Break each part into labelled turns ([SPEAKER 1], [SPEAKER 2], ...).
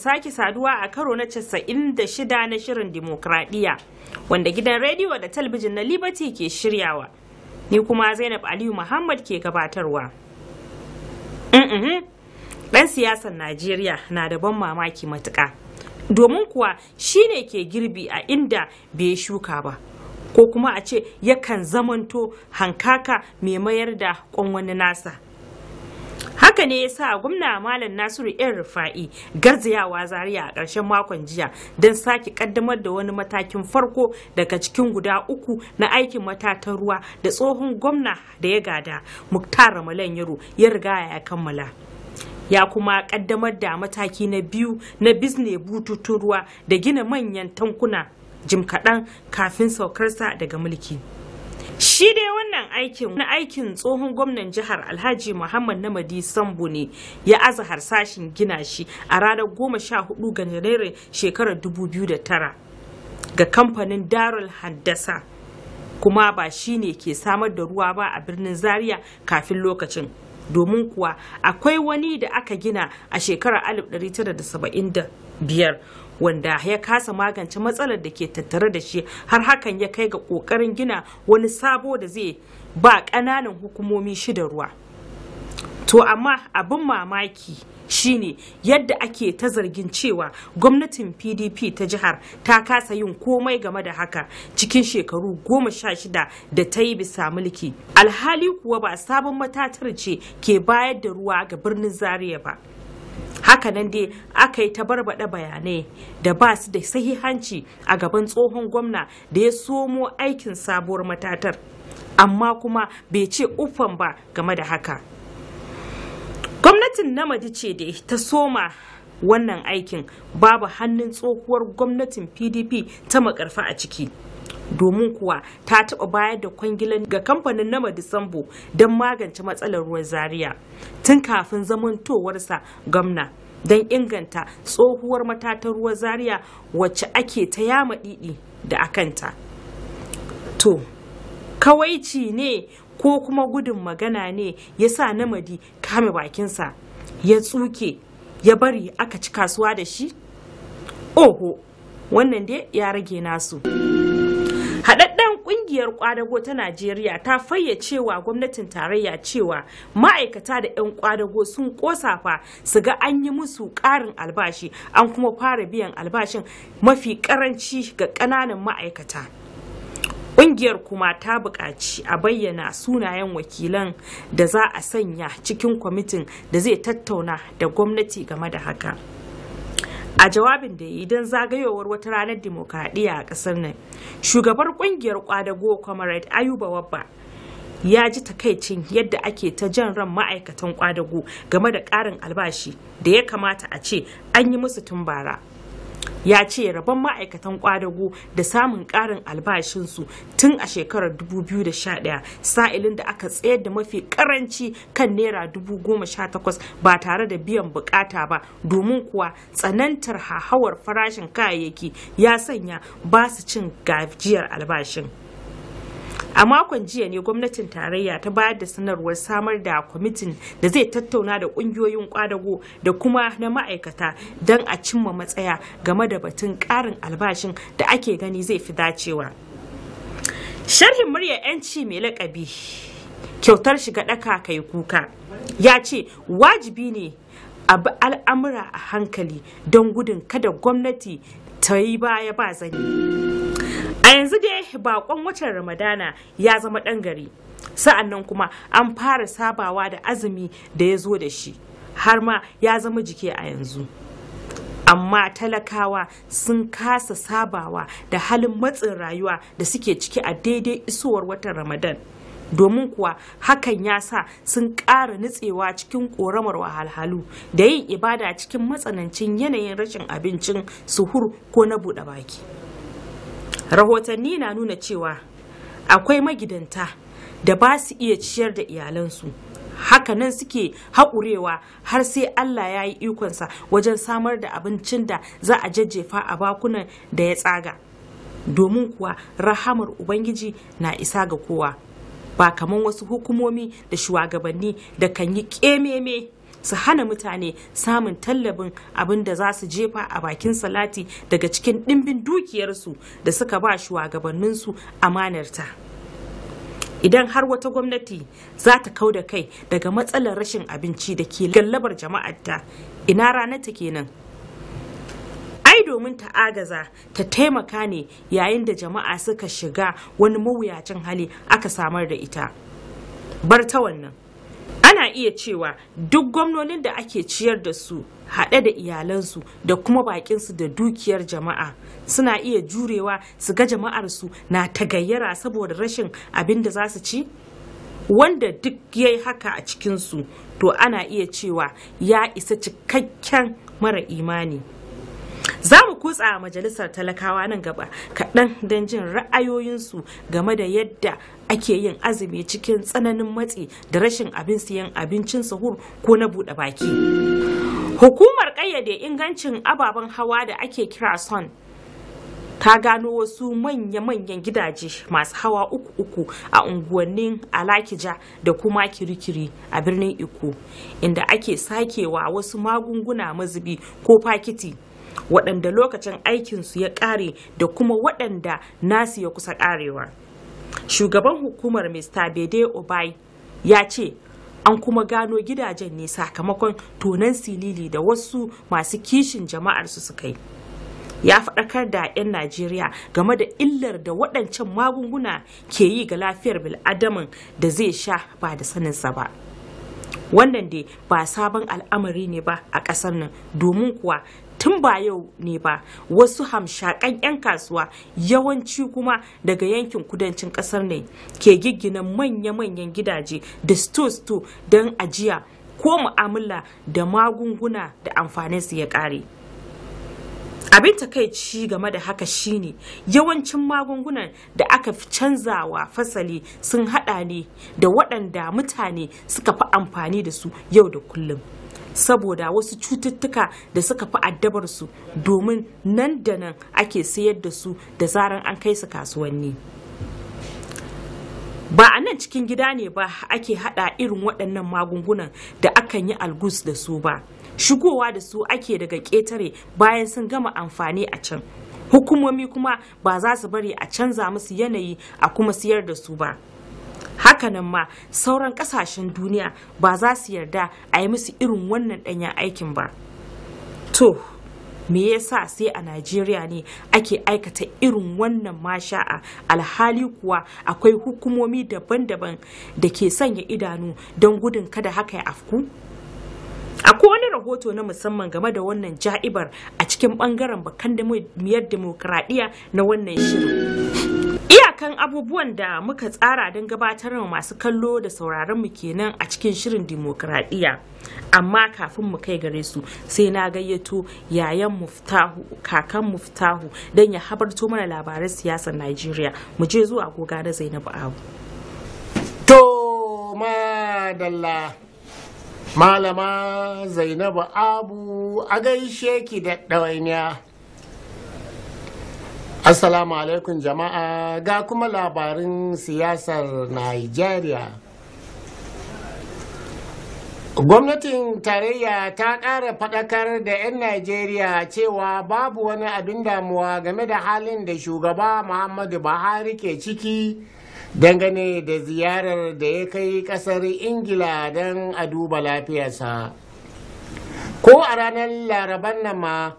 [SPEAKER 1] sake saduwa a karo na 96 na shirin dimokuraɗiyya wanda gidan rediyo da talbijin na Liberty ke shiryawa. Ni kuma Zainab Aliyu Muhammad ke gabatarwa. Ɗan siyasar Najeriya na da ban mamaki matuka Domin kuwa shine ke girbi a inda bai shuka ba. Ko kuma a ce yakan zamanto hankaka mai mayar da ƙwan wani nasa. haka ne ya sa gwamna malam nasiru yan rufa'i garzayawa zaria a ƙarshen makon jiya don sake ƙaddamar da wani matakin farko daga cikin guda uku na aikin matatan ruwa da tsohon gwamna da ya gada muktar ramalan yaro ya riga ya kammala ya kuma ƙaddamar da mataki na biyu na bizne bututun ruwa da gina manyan tankuna jim kaɗan kafin saukarsa daga mulki. Shi dai wannan aikin na aikin tsohon gwamnan jihar Alhaji Muhammad Namadi Sambo ne ya aza harsashin gina shi a ranar goma sha hudu ga Janairun shekarar dubu biyu da tara ga kamfanin Darul Haddasa. Kuma ba shi ne ke samar da ruwa ba a birnin Zaria kafin lokacin. domin kuwa akwai wani da aka gina a shekarar 1975 wanda ya kasa magance matsalar da ke tattare da shi har hakan ya kai ga kokarin gina wani sabo da zai ba ƙananan hukumomi shida ruwa to amma abin mamaki shine yadda ake ta zargin cewa gwamnatin pdp ta jihar ta kasa yin komai game da haka cikin shekaru goma sha shida da ta yi bisa mulki alhali kuwa ba sabon matatar ce ke bayar da ruwa ga birnin zaria ba hakanan dai aka yi ta barbaɗa bayanai da ba su da sahihanci a gaban tsohon gwamna da ya somo aikin sabuwar matatar amma kuma bai ce uffan ba game da haka gwamnatin namadi ce da ta soma wannan aikin babu hannun tsohuwar gwamnatin pdp ta makarfa a ciki domin kuwa ta taɓa bayar da kwangilan ga kamfanin nama disambo don magance matsalar ruwan zaria tun kafin zamantowarsa gwamna don inganta tsohuwar matatar ruwan zaria wacce ake ta yama didi da akanta to kawaici ne ko kuma gudun magana ne ya sa namadi kame bakinsa ya tsuke ya bari aka ci kasuwa da shi oho wannan dai ya rage nasu. Haɗaɗɗen ƙungiyar ƙwadago ta Najeriya ta fayyacewa gwamnatin tarayya cewa ma'aikata da 'yan ƙwadago sun ƙosafa su ga an yi musu ƙarin albashi an kuma fara biyan albashin mafi ƙaranci ga ƙananan ma'aikata. Ƙungiyar kuma ta buƙaci a bayyana sunayen wakilan da za a sanya cikin kwamitin da zai tattauna da gwamnati game da haka. a jawabin da yi don zagayowar wata ranar dimokuraɗiyya a ƙasar nan shugabar ƙungiyar kwadago comrade ayuba wabba ya ji takaicin yadda ake ta jan ran ma'aikatan kwadago game da ƙarin albashi da ya kamata a ce an yi musu tun bara ya ce rabon ma'aikatan kwadago da samun ƙarin albashinsu tun a shekarar 2011 sa'ilin da aka tsayar da mafi karanci kan naira 18,000 ba tare da biyan bukata ba domin kuwa tsanantar hahawar farashin kayayyaki ya sanya ba su cin gajiyar albashin. a makon jiya ne gwamnatin tarayya ta bayar da sanarwar samar da kwamitin da zai tattauna da kungiyoyin kwadago da kuma na ma'aikata don a cimma matsaya game da batun karin albashin da ake gani zai fi dacewa sharhin murya 'yanci mai lakabi kyautar shiga ɗaka kai kuka ya ce wajibi ne a bi al'amura a hankali don gudun kada gwamnati ta yi baya ba zani. a yanzu dai bakon watan ramadana ya zama ɗan gari sa'an nan kuma an fara sabawa da azumi da ya zo da shi har ma ya zama jiki a yanzu amma talakawa sun kasa sabawa da halin matsin rayuwa da suke ciki a daidai isowar watan ramadan domin kuwa hakan ya sa sun ƙara nutsewa cikin ƙoramar wahalhalu da yin ibada cikin matsanancin yanayin rashin abincin suhur ko na buɗe baki. rahotanni na nuna cewa akwai magidanta da ba su iya ciyar da iyalansu hakanan suke haƙurewa har sai allah ya yi ikonsa wajen samar da abincin da za a jajjefa a bakunan da ya tsaga domin kuwa rahamar ubangiji na isa ga kowa ba kamar wasu hukumomi da shugabanni da kan yi ƙememe su hana mutane samun tallabin abin da za su jefa a bakin salati daga cikin ɗimbin dukiyarsu da suka ba shugabanninsu amanarta. idan har wata gwamnati za ta kau da kai daga matsalar rashin abinci da ke gallabar jama'arta ina ranarta kenan ai domin ta agaza ta taimaka ne yayin da jama'a suka shiga wani mawuyacin hali aka samar da ita bar ta wannan ana iya cewa duk gwamnonin da ake ciyar da su haɗe da iyalansu da kuma bakinsu da dukiyar jama'a suna iya jurewa su ga jama'arsu na tagayyara saboda rashin abin da za su ci wanda duk ya yi haka a cikinsu to ana iya cewa ya isa cikakken mara imani za mu kutsa a majalisar talakawa nan gaba kaɗan don jin ra'ayoyinsu game da yadda ake yin azumi cikin tsananin matsi da rashin abin siyan abincin sahur ko na bude baki hukumar ƙayyade ingancin ababen hawa da ake kira son ta gano wasu manya-manyan gidaje masu hawa uku-uku a unguwannin alakija da kuma kirikiri a birnin iko inda ake sakewa wasu magunguna mazubi ko fakiti waɗanda lokacin aikinsu ya ƙare da kuma waɗanda nasu ya kusa ƙarewa shugaban hukumar mr bede obai ya ce an kuma gano gidajen ne sakamakon tonan silili da wasu masu kishin jama'ar su suka yi ya faɗakar da 'yan najeriya game da illar da waɗancan magunguna ke yi ga lafiyar bil'adamin da zai sha ba da saninsa ba wannan dai ba sabon al'amari ne ba a ƙasar nan domin kuwa tun ba yau ne ba wasu hamshakan 'yan kasuwa yawanci kuma daga yankin kudancin kasar ne ke giggina manya-manyan gidaje da sto-sto don ajiya ko mu'amala da magunguna da amfaninsu ya ƙare. abin takaici game da haka shine yawancin magungunan da aka fi canzawa fasali sun hada ne da waɗanda mutane suka fi amfani da su yau da kullum. saboda wasu cututtuka da suka fi addabar su domin nan da nan ake sayar da su da zaran an kai su kasuwanni ba a nan cikin gida ne ba ake hada irin waɗannan magungunan da akan yi algus da su ba shigowa da su ake daga ƙetare bayan sun gama amfani a can hukumomi kuma ba za su bari a canza musu yanayi a kuma siyar da su ba hakanan ma sauran kasashen duniya ba za su yarda a yi musu irin wannan danyen aikin ba to me yasa sai a najeriya ne ake aikata irin wannan masha'a alhali kuwa akwai hukumomi daban-daban da ke sanya idanu don gudun kada haka ya afku akwai wani rahoto na musamman game da wannan ja'ibar a cikin bangaren bakan da miyar demokradiyya na wannan shirin Iyakan abubuwan da muka tsara don gabatar wa masu kallo da sauraron mu kenan a cikin shirin dimokuraɗiyya. Amma kafin mu kai gare su sai na gayyato yayan muftahu kakan muftahu don ya habarto mana labaran siyasar Najeriya. Mu je zuwa goga na Zainabu Abu. To
[SPEAKER 2] madalla Malama Zainabu Abu a gaishe ki da ɗawainiya. Assalamu alaikum jama'a ga kuma labarin siyasar Nigeria. Gwamnatin tarayya ta ƙara faɗakar da 'yan Najeriya cewa babu wani abin damuwa game da halin da shugaba Muhammadu Buhari ke ciki dangane da ziyarar da ya kai ƙasar Ingila don a duba lafiyarsa. Ko a ranar laraban nan ma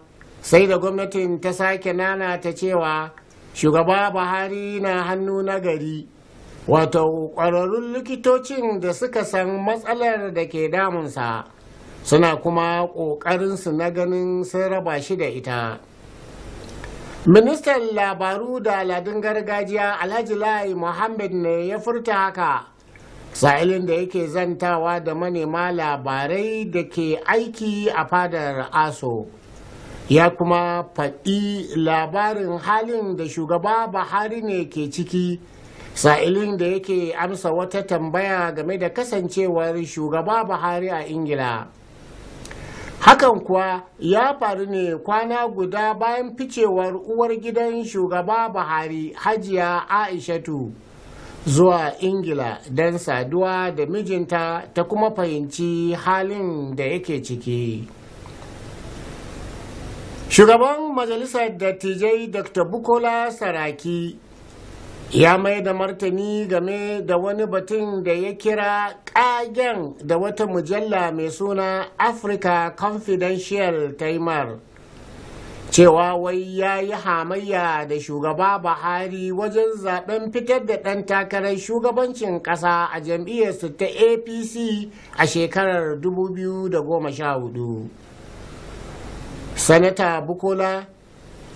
[SPEAKER 2] sai da gwamnatin ta sake nana ta cewa shugaba buhari na hannu na gari wato ƙwararrun likitocin da suka san matsalar da ke damunsa suna kuma ƙoƙarinsu na ganin sun raba shi da ita ministan labaru da aladun gargajiya alhaji lai muhammad ne ya furta haka sa'ilin da yake zantawa da manema labarai da ke aiki a fadar aso ya kuma faɗi labarin halin da shugaba buhari ne ke ciki sa'ilin da yake amsa wata tambaya game da kasancewar shugaba buhari a ingila hakan kuwa ya faru ne kwana guda bayan ficewar uwar gidan shugaba buhari hajiya aishatu zuwa ingila don saduwa da mijinta ta kuma fahimci halin da yake ciki. shugaban majalisar dattijai dr bukola saraki ya mai da martani game da wani batun da ya kira kagen da wata mujalla mai suna africa confidential taimar cewa wai ya yi hamayya da shugaba buhari wajen zaben fitar da ɗan takarar shugabancin ƙasa a jam'iyyarsu ta apc a shekarar 2014 sanata bukola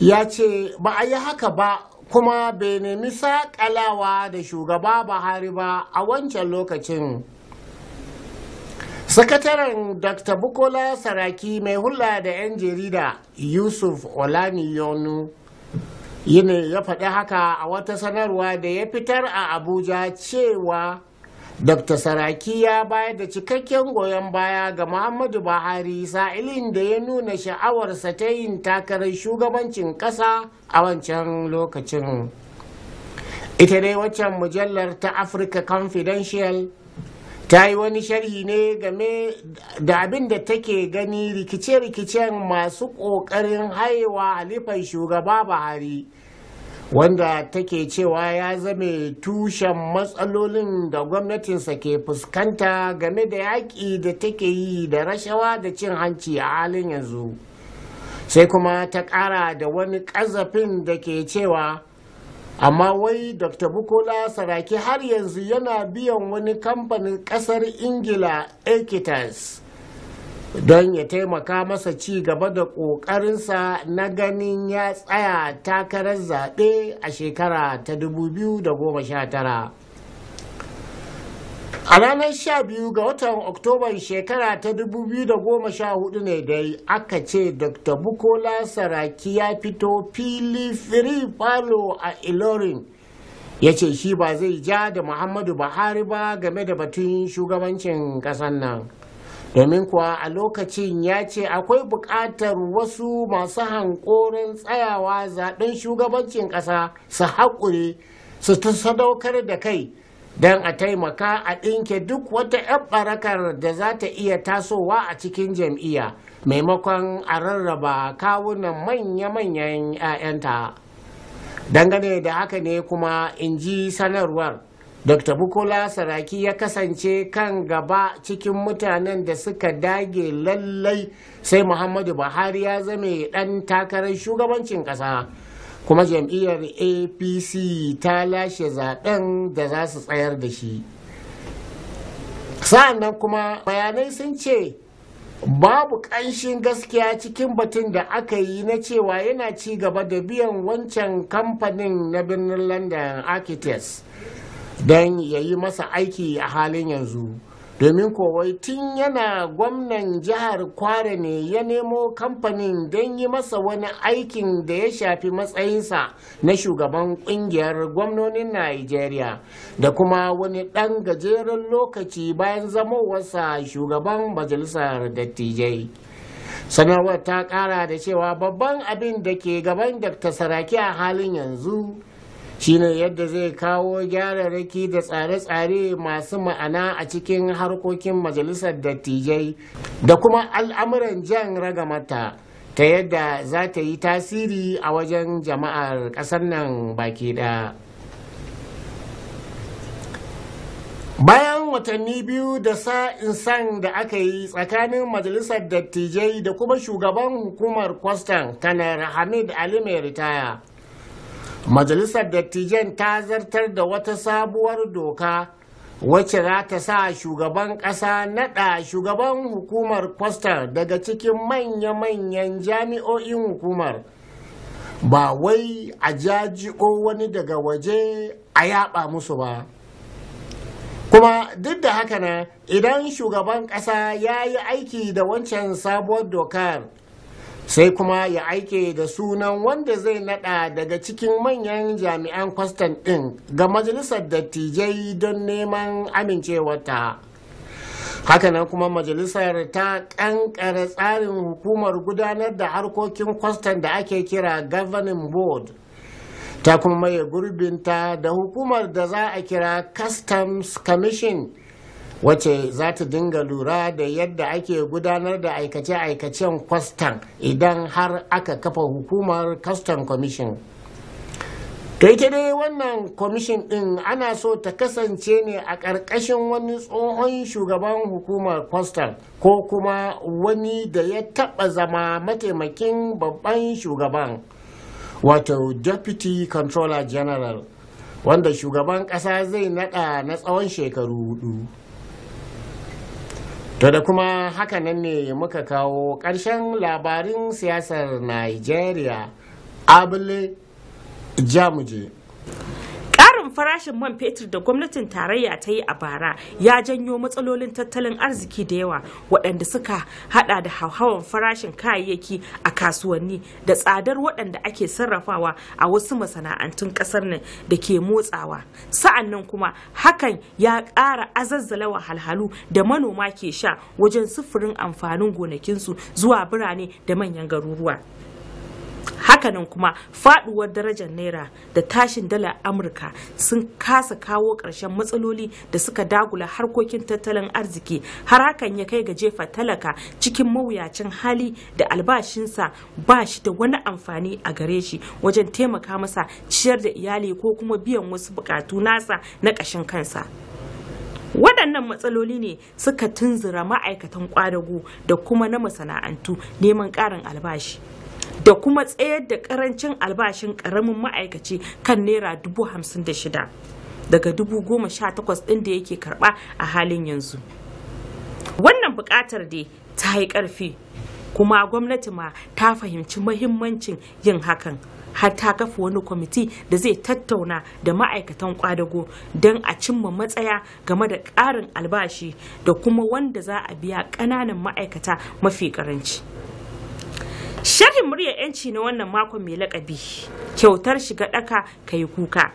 [SPEAKER 2] ya ce ba a yi haka ba kuma bai nemi sakalawa da shugaba buhari ba a wancan lokacin sakataren dr bukola saraki mai hula da 'yan jarida yusuf olaniyonu ne ya faɗi haka a wata sanarwa da ya fitar a abuja cewa Dr. Saraki ya bayar da cikakken goyon baya ga Muhammadu Buhari sa'ilin da ya nuna sha'awarsa ta yin takarar shugabancin ƙasa a wancan lokacin. Ita dai waccan mujallar ta Africa Confidential ta yi wani sharhi ne game da abin da take gani rikice-rikicen masu ƙoƙarin haiwa halifar shugaba Buhari. wanda take cewa ya zame tushen matsalolin da gwamnatinsa ke fuskanta game da yaƙi da take yi da rashawa da cin hanci a halin yanzu sai kuma ta ƙara da wani ƙazafin da ke cewa amma wai dr bukola saraki har yanzu yana biyan wani kamfanin ƙasar ingila equitas don ya taimaka masa ci gaba da ƙoƙarinsa na ganin ya tsaya takarar zaɓe a shekara ta 2019 a ranar 12 ga watan Oktoba shekara ta 2014 ne dai aka ce dr bukola saraki ya fito fili free falo a ilorin ya ce shi ba zai ja da muhammadu buhari ba game da batun shugabancin ƙasar nan domin kuwa a lokacin ya ce akwai buƙatar wasu masu hankorin tsayawa zaɓen shugabancin ƙasa su haƙuri su ta sadaukar da kai don a taimaka a ɗinke duk wata 'yan barakar da za ta iya tasowa a cikin jam'iyya maimakon a rarraba kawunan manya-manyan 'ya'yanta dangane da haka ne kuma in ji sanarwar dr bukola saraki ya kasance kan gaba cikin mutanen da suka dage lallai sai muhammadu buhari ya zame dan takarar shugabancin kasa kuma jam'iyyar apc ta lashe zaben da za su tsayar da shi sa'annan kuma bayanai sun ce babu ƙanshin gaskiya cikin batun da aka yi na cewa yana ci gaba da biyan wancan kamfanin na birnin london architects don ya yi masa aiki a halin yanzu domin kowai tun yana gwamnan jihar kware ne ya nemo kamfanin don yi masa wani aikin da ya shafi matsayinsa na shugaban kungiyar gwamnonin nigeria da kuma wani ɗan gajeren lokaci bayan zamowarsa shugaban majalisar dattijai sanarwar ta ƙara da cewa babban abin da ke gaban dr saraki a halin yanzu shine yadda zai kawo gyararraki da tsare-tsare masu ma'ana a cikin harkokin majalisar dattijai da kuma al'amuran jan ragamata ta yadda za ta yi tasiri a wajen jama'ar ƙasar nan baki ɗaya. bayan watanni biyu da sa sa'insan da aka yi tsakanin majalisar dattijai da kuma shugaban hukumar kwastan tanar hamid ali mai ritaya majalisar dattijan ta zartar da wata sabuwar doka wacce za ta sa shugaban ƙasa naɗa shugaban hukumar kwastar daga cikin manya-manyan jami'o'in hukumar ba wai a jaji'o wani daga waje a yaɓa musu ba kuma duk da haka na idan shugaban ƙasa ya yi aiki da wancan sabuwar dokar sai kuma ya aike da sunan wanda zai nada daga cikin manyan jami'an kwastan din ga majalisar dattijai don neman amincewarta hakanan kuma majalisar ta kankara tsarin hukumar gudanar da harkokin kwastan da ake kira governing board ta kuma maye gurbinta da hukumar da za a kira customs commission Wace za ta dinga lura da yadda ake gudanar da aikace-aikacen kwastan idan har aka kafa hukumar Kastan commission to ita dai wannan kwamishin din ana so ta kasance ne a ƙarƙashin wani tsohon shugaban hukumar kwastan ko kuma wani da ya taɓa zama mataimakin babban shugaban wato deputy controller general wanda shugaban ƙasa zai naɗa na tsawon shekaru hudu To da kuma hakanan ne muka kawo ƙarshen labarin
[SPEAKER 1] siyasar Najeriya abule
[SPEAKER 2] jamuje.
[SPEAKER 1] farashin man fetur da gwamnatin tarayya ta yi a bara ya janyo matsalolin tattalin arziki da yawa waɗanda suka hada da hauhawan farashin kayayyaki a kasuwanni da tsadar waɗanda ake sarrafawa a wasu masana'antun ƙasar nan da ke motsawa sa'annan kuma hakan ya ƙara azazzala wahalhalu da manoma ke sha wajen sufurin amfanin gonakinsu zuwa birane da manyan garuruwa hakanan kuma faduwar darajar naira da tashin dalar amurka sun kasa kawo ƙarshen matsaloli da suka dagula harkokin tattalin arziki har hakan ya kai ga jefa talaka cikin mawuyacin hali da albashinsa ba shi da wani amfani a gare shi wajen taimaka masa ciyar da iyali ko kuma biyan wasu bukatu nasa na ƙashin kansa waɗannan matsaloli ne suka tunzura ma'aikatan ƙwadago da kuma na masana'antu neman ƙarin albashi da kuma tsayar da karancin albashin karamin ma'aikaci kan naira dubu hamsin da shida daga dubu goma sha takwas ɗin da yake karɓa a halin yanzu wannan buƙatar dai ta yi ƙarfi kuma gwamnati ma ta fahimci mahimmancin yin hakan har ta kafa wani kwamiti da zai tattauna da ma'aikatan kwadago don a cimma matsaya game da ƙarin albashi da kuma wanda za a biya ƙananan ma'aikata mafi ƙaranci. Sharhin muryar 'yanci na wannan makon mai lakabi kyautar shiga ɗaka kai kuka.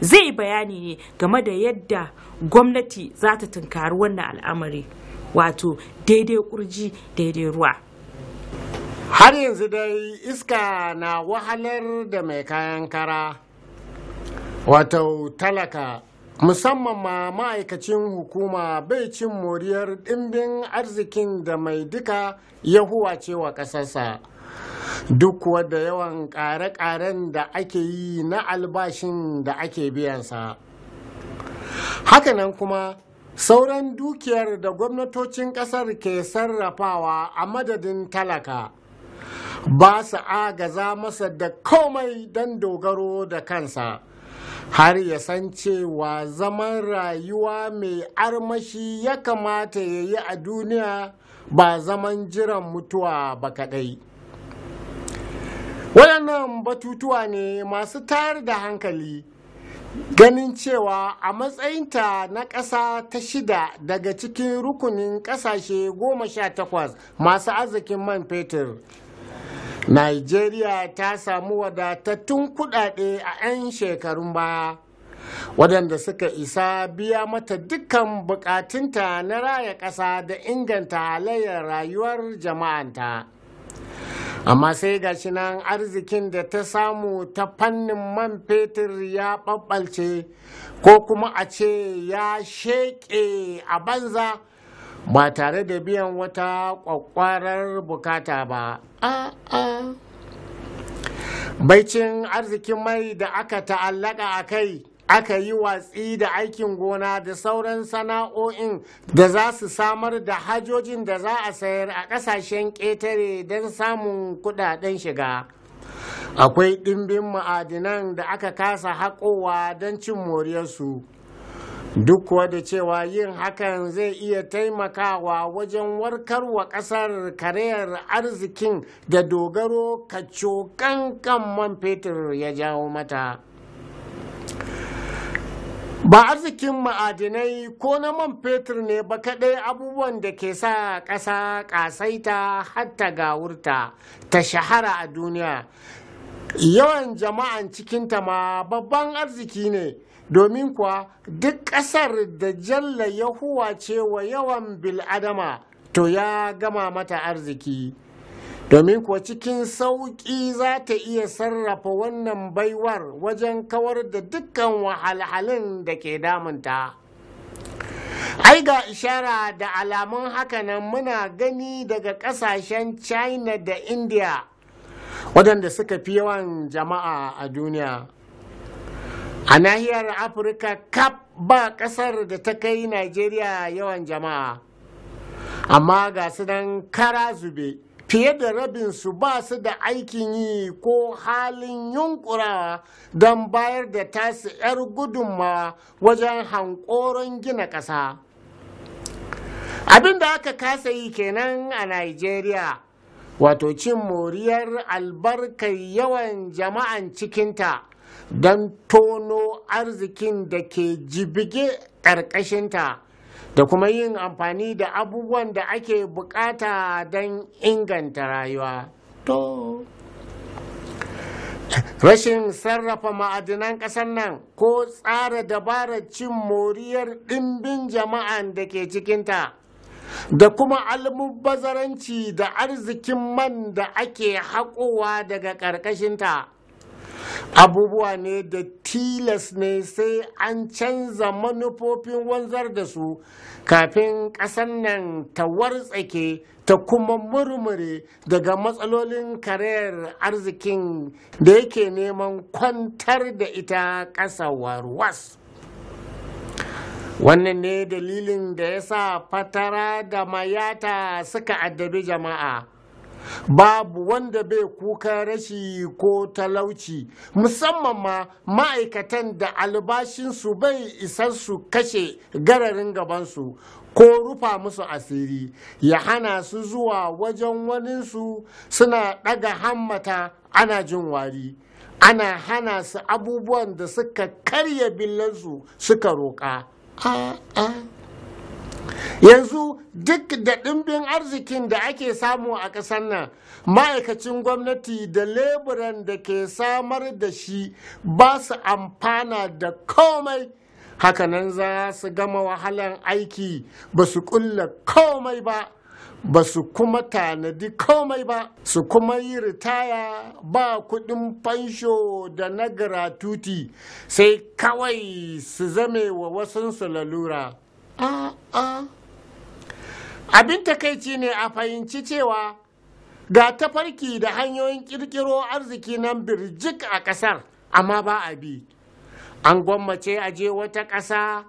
[SPEAKER 1] Zai bayani ne game da yadda gwamnati za ta tunkari wannan al'amari wato daidai kurji daidai ruwa.
[SPEAKER 2] Har yanzu dai iska na wahalar da mai kayan kara wato talaka musamman ma ma'aikacin hukuma bai cin moriyar dimbin arzikin da mai duka ya huwace wa ƙasarsa. duk wadda yawan ƙare-ƙaren da ake yi na albashin da ake biyansa hakanan kuma sauran dukiyar da gwamnatocin ƙasar ke sarrafawa a madadin talaka ba su agaza masa da komai don dogaro da kansa har ya san cewa zaman rayuwa mai armashi ya kamata ya yi a duniya ba zaman jiran mutuwa ba kaɗai. waɗannan batutuwa ne masu tayar da hankali ganin cewa a matsayinta na ƙasa ta shida daga cikin rukunin ƙasashe goma sha takwas masu arzikin man fetur nigeria ta samu wadatattun kuɗaɗe a 'yan shekarun baya waɗanda suka isa biya mata dukkan buƙatunta na raya ƙasa da inganta halayyar rayuwar jama'anta. amma sai ga shi nan arzikin da ta samu ta fannin man fetur ya ɓaɓɓalce ko kuma a ce ya sheƙe a banza ba tare da biyan wata ƙwaƙwarar bukata ba baicin arzikin mai da aka ta'allaka a kai aka yi watsi da aikin gona da sauran sana'o'in da za su samar da hajojin da za a sayar a ƙasashen ƙetare don samun kudaden shiga akwai ɗimbin ma'adinan da aka kasa haƙowa don cin moriyarsu duk da cewa yin hakan zai iya taimakawa wajen warkarwa ƙasar karayar arzikin da dogaro kacokan kan man fetur ya jawo mata. Ba arzikin ma'adinai ko na man fetur ne ba kaɗai abubuwan da ke sa ƙasa ƙasaita hatta gawurta ta shahara a duniya. Yawan jama'an cikinta ma babban arziki ne domin kuwa duk ƙasar da jalla ya huwace wa yawan bil'adama to ya gama mata arziki. domin kuwa cikin sauƙi za ta iya sarrafa wannan baiwar wajen kawar da dukkan wahalhalun da ke damunta ai ga ishara da alamun hakanan muna gani daga ƙasashen china da india waɗanda suka fi yawan jama'a a duniya a nahiyar afirka kap ba ƙasar da ta kai najeriya yawan jama'a amma ga su nan kara zube fiye da rabinsu ba su da aikin yi ko halin yunkurawa don bayar da tasu 'yar gudunmawa wajen hankoron gina ƙasa abin da aka kasa yi kenan a nigeria wato cin moriyar albarkar yawan jama'an cikinta don tono arzikin da ke jibige ƙarƙashinta da kuma yin amfani da abubuwan da ake bukata don inganta rayuwa to rashin sarrafa ma'adinan ƙasar nan ko tsara dabarar cin moriyar ɗimbin jama'an da ke cikinta da kuma almubazaranci da arzikin man da ake haƙowa daga ƙarƙashinta abubuwa ne da tilas ne sai an canza manufofin wanzar da su kafin ƙasar nan ta wartsake ta kuma murmure daga matsalolin karayar arzikin da yake neman kwantar da ita ƙasa warwas wannan ne dalilin da ya sa fatara da mayata suka addabi jama'a babu wanda bai kuka rashi ko talauci musamman ma ma'aikatan da albashinsu bai isar su kashe gararin gabansu ko rufa musu asiri ya hana su zuwa wajen waninsu suna ɗaga hammata ana jin wari ana hana su abubuwan da suka karya billansu suka roƙa a'a ah, ah. yanzu duk da ɗimbin arzikin da ake samu a ƙasar nan ma'aikacin gwamnati da leburan da ke samar da shi ba su amfana da komai hakanan za su gama wahalan aiki ba su ƙulla komai ba ba su kuma tanadi komai ba su kuma yi ritaya ba kudin fansho da na gratuti sai kawai su zame wa wasansu lalura abin takaici ne a fahimci cewa ga tafarki da hanyoyin kirkiro arziki nan birjik a kasar amma ba a bi an gwammace a je wata ƙasa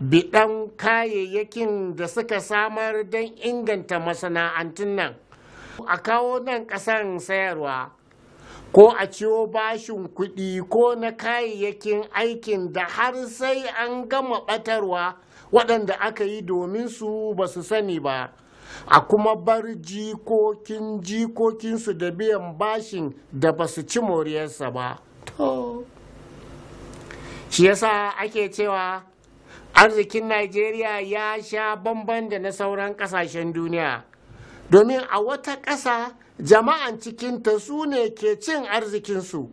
[SPEAKER 2] biɗan kayayyakin da suka samar don inganta masana'antun nan a kawo nan ƙasan sayarwa ko a ciwo bashin kuɗi ko na kayayyakin aikin da har sai an gama ɓatarwa waɗanda aka yi domin su ba su sani ba a kuma bar jikokin jikokinsu da biyan bashin da ba su ci moriyarsa ba to shi yasa ake cewa arzikin najeriya ya sha bamban da na sauran kasashen duniya domin a wata ƙasa jama'an cikinta su ne ke cin arzikinsu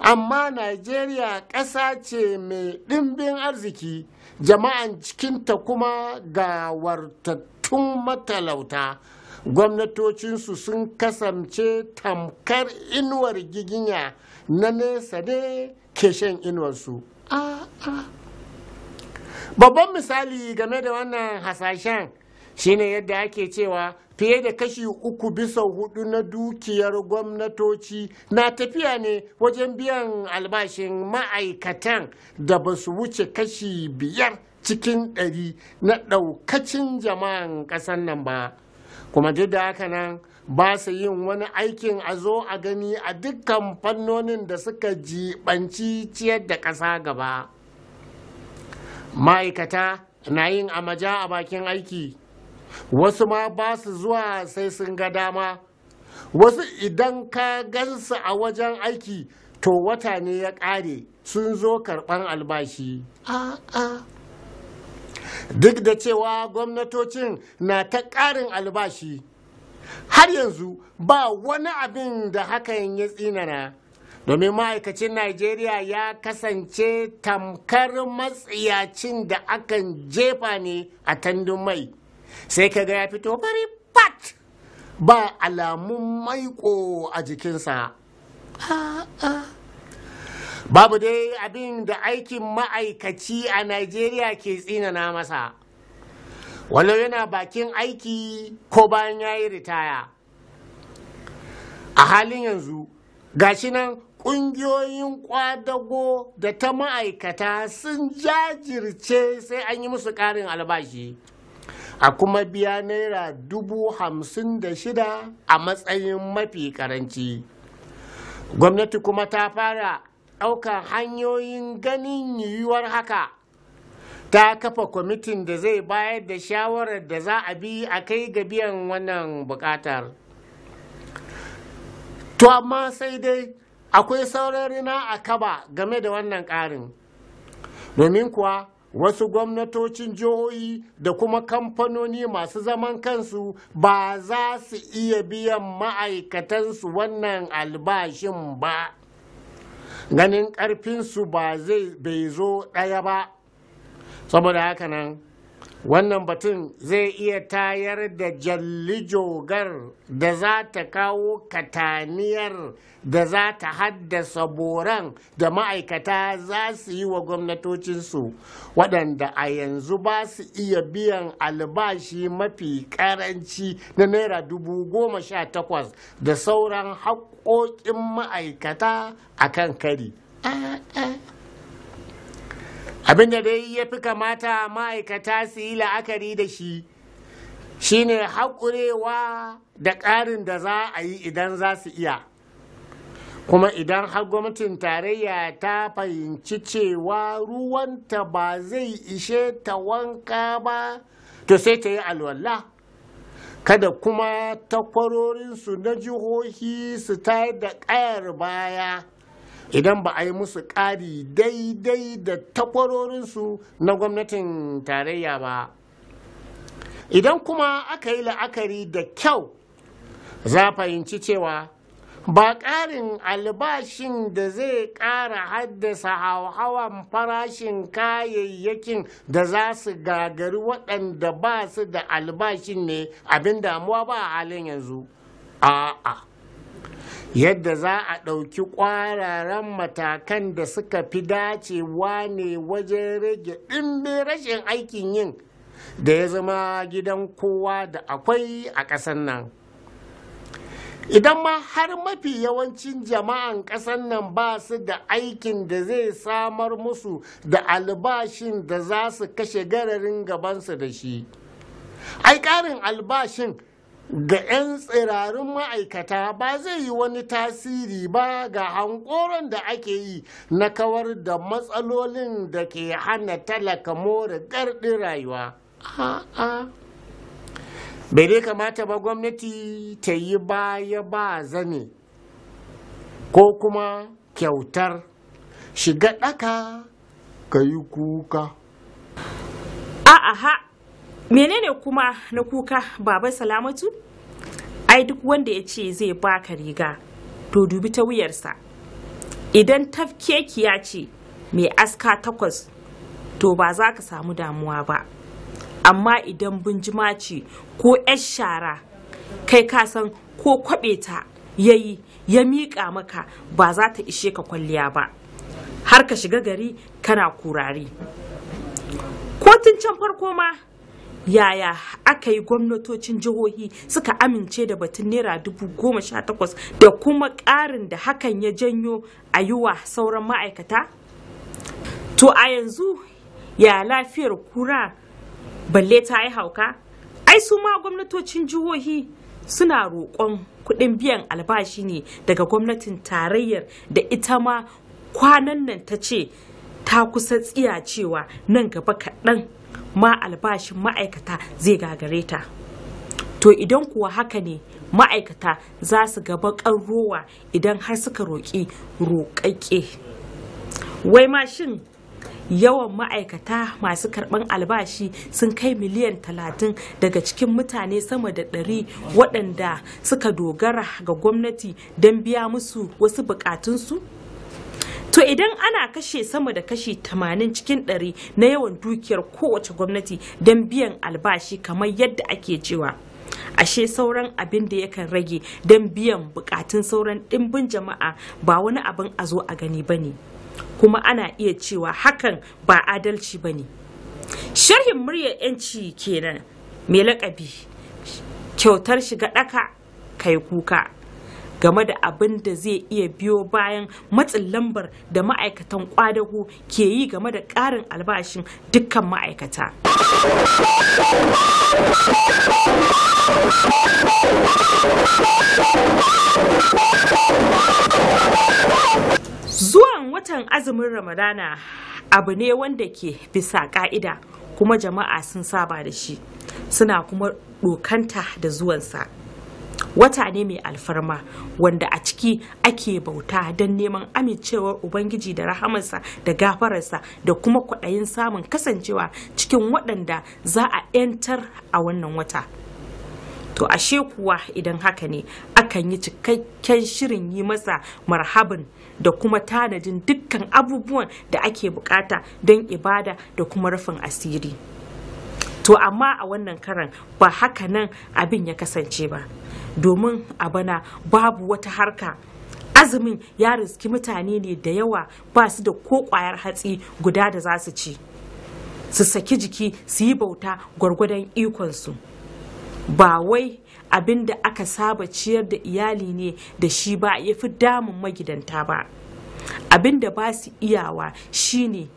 [SPEAKER 2] amma najeriya ƙasa ce mai ɗimbin arziki jama'an cikinta kuma ga wartattun matalauta gwamnatocinsu sun kasance tamkar inuwar giginya na nesa ne ke shan inuwarsu babban misali game da wannan hasashen shine yadda ake cewa fiye da kashi uku bisa hudu na dukiyar gwamnatoci na tafiya ne wajen biyan albashin ma'aikatan da ba su wuce kashi biyar cikin ɗari na ɗaukacin jama'an ƙasar nan ba kuma duk da haka nan ba su yin wani aikin a zo a gani a dukkan fannonin da suka jibanci ciyar da ƙasa gaba ma'aikata na yin amaja a bakin aiki wasu ma ba su zuwa sai sun ga dama wasu idan ka gansu a wajen aiki to wata ne ya ƙare sun zo karɓar albashi duk da cewa gwamnatocin na ta ƙarin albashi har yanzu ba wani abin da hakan ya tsinana domin ma'aikacin najeriya ya kasance tamkar matsiyacin da akan jefa ne a tandun mai sai ka ga ya fito bari pat ba alamun maiko a jikinsa babu dai abin da aikin ma'aikaci a najeriya ke tsinana masa walau yana bakin aiki ko bayan ya yi ritaya a halin yanzu gashi nan ƙungiyoyin kwadago da ta ma'aikata sun jajirce sai an yi musu ƙarin albashi a kuma biya naira dubu hamsin da shida a matsayin mafi karanci gwamnati kuma ta fara ɗaukar hanyoyin ganin yiwuwar haka ta kafa kwamitin da zai bayar da shawarar da za a bi a kai ga biyan wannan bukatar to amma sai dai akwai saurari na a kaba game da wannan ƙarin domin kuwa wasu gwamnatocin jihohi da kuma kamfanoni masu zaman kansu ba za su iya biyan ma'aikatansu wannan albashin ba ganin ƙarfinsu ba zai bai zo ɗaya ba saboda haka nan wannan batun zai iya tayar da jallijogar da za ta kawo kataniyar da za ta haddasa boran da ma'aikata za su yi wa gwamnatocinsu waɗanda a yanzu ba su iya biyan albashi mafi karanci na naira dubu goma sha takwas da sauran haƙoƙin ma'aikata a kan kari. Ah, ah. abin da dai ya fi kamata ma'aikata su yi la'akari da shi shine haƙurewa da ƙarin da za a yi idan za su iya kuma idan har gwamnatin tarayya ta fahimci cewa ruwanta ba zai ishe ta wanka ba to sai ta yi alwala kada kuma takwarorinsu na jihohi su tayar da ƙayar baya idan ba a yi musu ƙari daidai da takwarorinsu na gwamnatin tarayya ba idan kuma aka yi la'akari da kyau za fahimci cewa ba ƙarin albashin da zai ƙara haddasa hauhawan farashin kayayyakin da za su gagari waɗanda ba su da albashin ne abin damuwa ba a halin yanzu a'a. yadda za a ɗauki ƙwararan matakan da suka fi dacewa ne wajen rage ɗimbe rashin aikin yin da ya zama gidan kowa da akwai a ƙasar nan idan ma har mafi yawancin jama'an ƙasar nan ba su da aikin da zai samar musu da albashin da za su kashe gararin gabansu da shi ai ƙarin albashin ga 'yan tsirarin ma'aikata ba zai yi wani tasiri ba ga hankoron da ake yi na kawar da matsalolin da ke hana talaka more gardin rayuwa bai dai kamata ba gwamnati ta yi baya ba zane ko kuma kyautar shiga ɗaka ka yi kuka
[SPEAKER 1] a'a menene kuma na kuka baba salamatu ai duk wanda ya ce zai baka riga to dubi ta wuyarsa idan tafkekiya ce mai aska takwas to ba za ka samu damuwa ba amma idan bunjima ce ko 'yar shara kai ka san ko kwabe ta ya yi ya miƙa maka ba za ta ishe ka kwalliya ba har ka shiga gari kana kurari. Kotun can farko ma yaya aka yi gwamnatocin jihohi suka amince da batun naira dubu goma sha takwas da kuma ƙarin da hakan ya janyo a yi wa sauran ma'aikata to a yanzu ya lafiyar kura balle ta yi hauka ai su ma gwamnatocin jihohi suna roƙon kuɗin biyan albashi ne daga gwamnatin tarayyar da ita ma kwanan nan ta ce ta kusa tsiya cewa nan gaba kaɗan ma albashin ma'aikata zai gagare ta to idan kuwa haka ne ma'aikata za su gaba rowa idan har suka roƙi roƙaƙe wai ma shin yawan ma'aikata masu karɓan albashi sun kai miliyan talatin daga cikin mutane sama da ɗari waɗanda suka dogara ga gwamnati don biya musu wasu buƙatunsu? to idan ana kashe sama da kashi 80 cikin 100 na yawan dukiyar kowace gwamnati don biyan albashi kamar yadda ake cewa ashe sauran abin da yakan rage don biyan bukatun sauran dimbin jama'a ba wani abin a zo a gani ba ne kuma ana iya cewa hakan ba adalci ba ne sharhin muryar 'yanci kenan mai lakabi kyautar shiga ɗaka kai kuka game da abin da zai iya biyo bayan matsin lambar da ma'aikatan kwadago ke yi game da ƙarin albashin dukkan ma'aikata. Zuwan watan azumin Ramadana abu ne wanda ke bisa ka'ida kuma jama'a sun saba da shi suna kuma dokanta da zuwansa. wata ne mai alfarma wanda a ciki ake bauta don neman amincewar ubangiji da rahamarsa da gafararsa da kuma kwaɗayin samun kasancewa cikin waɗanda za a 'yantar a wannan wata to ashe kuwa idan haka ne akan yi cikakken shirin yi masa marhabin da kuma tanadin dukkan abubuwan da ake bukata don ibada da kuma rufin asiri to amma a wannan karan ba haka nan abin ya kasance ba domin a bana babu wata harka azumin ya riski mutane ne da yawa ba su da ko kwayar hatsi guda da za su ci su saki jiki su yi bauta gwargwadon ikonsu ba wai abin da aka saba ciyar da iyali ne da shi ba ya fi damun magidanta ba abin da ba su iyawa shine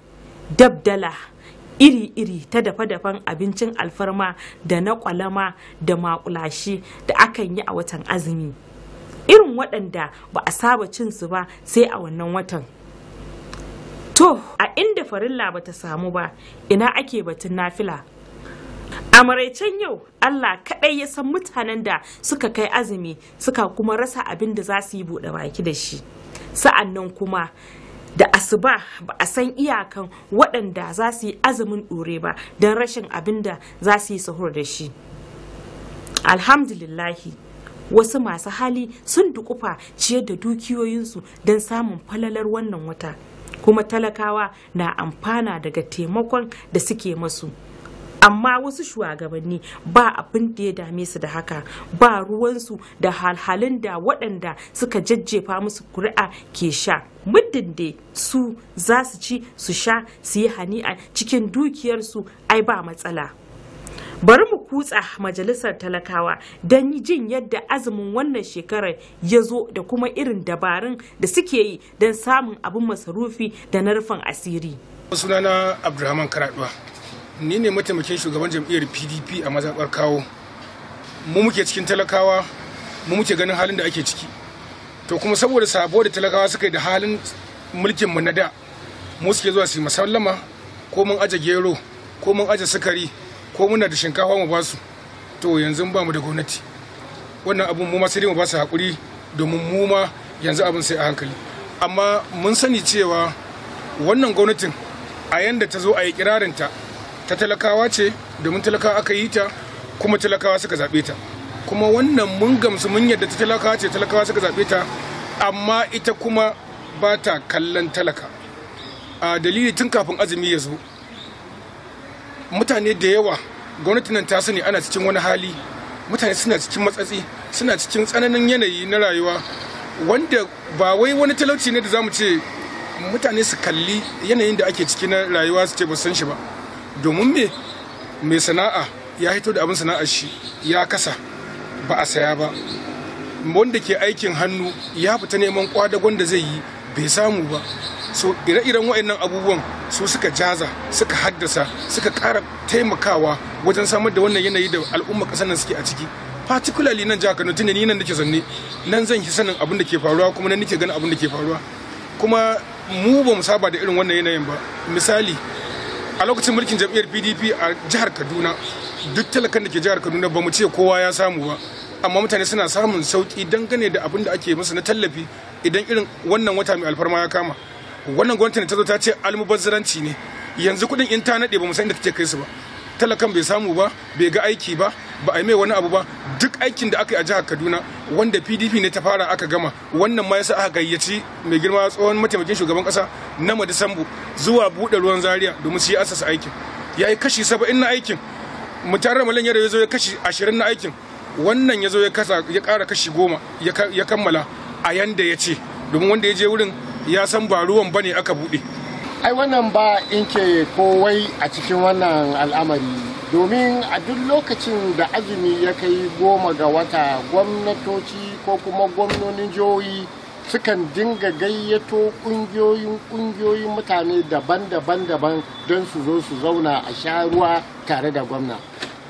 [SPEAKER 1] dabdala iri-iri ta dafa-dafan abincin alfarma da na kwalama da makulashi da akan yi a watan azumi irin waɗanda ba a saba cin su ba sai a wannan watan to a inda farilla ba ta samu ba ina ake batun nafila a maraicen yau allah kaɗai ya san mutanen da suka kai azumi suka kuma rasa abin da za su yi buɗe baki da shi sa'an kuma da asuba ba a san iyakan waɗanda za su yi azumin ɗore ba don rashin abin da za su yi sahur da shi alhamdulillahi wasu masu hali sun dukufa ciyar da dukiyoyinsu don samun falalar wannan wata kuma talakawa na amfana daga taimakon da suke masu. amma wasu shugabanni ba abin da ya dame su da haka ba ruwansu da halhalin da waɗanda suka jajjefa musu kuri'a ke sha muddin da su za su ci su sha su yi hani'a cikin dukiyarsu ai ba matsala bari mu kutsa majalisar talakawa don jin yadda azumin wannan shekarar ya zo da kuma irin dabarun da suke yi don samun abin masarufi da na rufin asiri
[SPEAKER 3] sunana abdulrahman karaduwa ni ne mataimakin shugaban jam'iyyar pdp a mazaɓar kawo mu muke cikin talakawa mu muke ganin halin da ake ciki to kuma saboda sabo da talakawa suka yi da halin mulkin mu na da mu suke zuwa su masallama ko mun aje gero ko mun aje sukari ko muna da shinkafa mu basu to yanzu ba mu da gwamnati wannan abun mu ma sai mu ba su hakuri domin mu ma yanzu abin sai a hankali amma mun sani cewa wannan gwamnatin a yanda ta zo a yi kirarinta ta talakawa ce domin talakawa aka yi ta kuma talakawa suka zaɓe ta kuma wannan mun gamsu mun yadda ta talakawa ce talakawa suka zaɓe ta amma ita kuma ba ta kallon talaka a dalili tun kafin azumi ya zo mutane da yawa gwamnati nan ta sani ana cikin wani hali mutane suna cikin matsatsi suna cikin tsananin yanayi na rayuwa wanda ba wai wani talauci ne da za mu ce mutane su kalli yanayin da ake ciki na rayuwa su ce ba san shi ba domin me mai sana'a ya hito da abin sana'a shi ya kasa ba a saya ba wanda ke aikin hannu ya fita neman kwadagon da zai yi bai samu ba so ire-iren wa'annan abubuwan su suka jaza suka haddasa suka kara taimakawa wajen samar da wannan yanayi da al'umma ƙasar nan suke a ciki particularly nan jihar Kano tunda ni nan nake zanne nan zan yi sanin abin da ke faruwa kuma nan nake ganin abin da ke faruwa kuma mu ba mu saba da irin wannan yanayin ba misali a lokacin mulkin jam'iyyar pdp a jihar kaduna duk talakan da ke jihar kaduna ba mu ce kowa ya samu ba amma mutane suna samun sauki dangane da abin da ake musu na tallafi idan irin wannan wata mai alfarma ya kama wannan gwamnati ta zo ta ce almubazzaranci ne yanzu kuɗin in ta ba mu san inda take kai su ba talakan bai samu ba bai ga aiki ba ba a yi mai wani abu ba duk aikin da aka yi a jihar kaduna wanda pdp ne ta fara aka gama wannan ma yasa aka gayyaci mai girma tsohon mataimakin shugaban kasa na madisambu zuwa buɗe ruwan zaria domin su yi asasa aikin ya yi kashi saba'in na aikin mutarar malan yadda ya zo ya kashi ashirin na aikin wannan ya zo ya ƙara kashi goma ya kammala a yanda ya ce domin wanda ya je wurin ya san ba ruwan ba ne aka buɗe
[SPEAKER 2] ai wannan ba inke kowai a cikin wannan al'amari domin a duk lokacin da azumi ya kai goma ga wata gwamnatoci ko kuma gwamnonin jihohi sukan dinga gayyato kungiyoyin kungiyoyin mutane daban-daban daban don su zo su zauna a sha ruwa tare da gwamna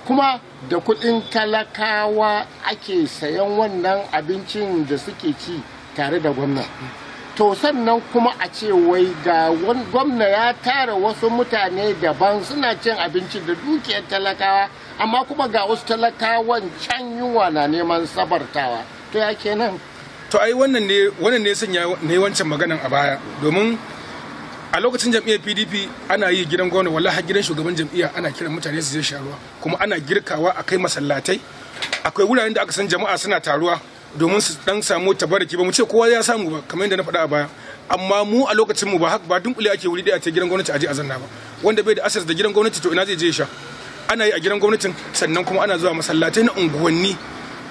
[SPEAKER 2] kuma da kuɗin talakawa ake sayan wannan abincin da suke ci tare da gwamna to sannan kuma a ce wai ga gwamna ya tara wasu mutane daban suna cin abinci da dukiyar talakawa amma kuma ga wasu talakawan can yunwa na neman sabartawa to ya kenan
[SPEAKER 3] to ai wannan ne wannan ne sun ne wancan maganan a baya domin a lokacin jam'iyyar pdp ana yi gidan gwamna wallahi gidan shugaban jam'iyya ana kiran mutane su je sharuwa kuma ana girkawa akai masallatai akwai wuraren da aka san jama'a suna taruwa domin su dan samu tabaraki ba mu ce kowa ya samu ba kamar yadda na faɗa a baya amma mu a lokacin mu ba haka ba dunkule ake wuri da a ce gidan gwamnati a je a ba wanda bai da asas da gidan gwamnati to ina zai je sha ana yi a gidan gwamnatin sannan kuma ana zuwa masallatai na unguwanni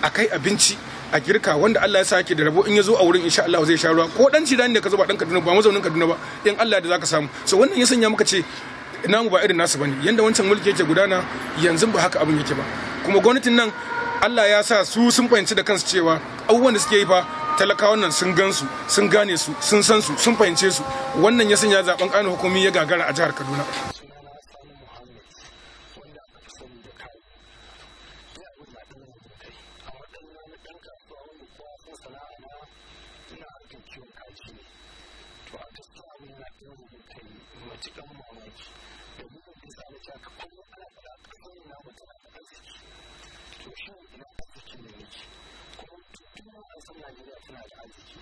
[SPEAKER 3] a kai abinci a girka wanda Allah ya sa da rabo in ya zo a wurin insha Allah zai sha ruwa ko dan cirani ne ka zo ba dan Kaduna ba mazaunin Kaduna ba in Allah da zaka samu so wannan ya sanya muka ce namu ba irin nasu bane yanda wancan mulki yake gudana yanzu ba haka abin yake ba kuma gwamnatin nan Allah ya sa su sun fahimci da kansu cewa abubuwan da suke yi fa talakawan nan sun gansu sun gane su sun san su sun fahimce su wannan ya sanya zaben ƙanin hukumi ya gagara a jihar Kaduna
[SPEAKER 4] Najeriya suna da arziki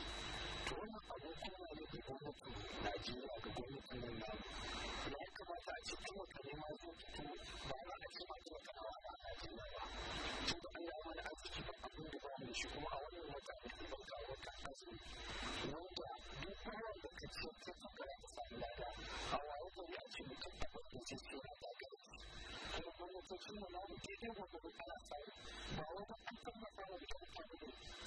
[SPEAKER 4] to wannan abin kuma ne da gwamnatin Najeriya da gwamnatin nan na ya kamata a ce taimaka ne ma zai fito ba na a ce ma taimakawa a Najeriya ba tun da Allah mana arziki ba abin da ba mu shi kuma a wannan wata ne da ban kawo wata azumi wanda duk ruwan da ka ce ta tsakara ta sami lada a wayo gari a ce mutum a bakin ce ce na ta gari kuma gwamnatocin mu na mu daidai wanda ana samu ba wata an kan masa wani kan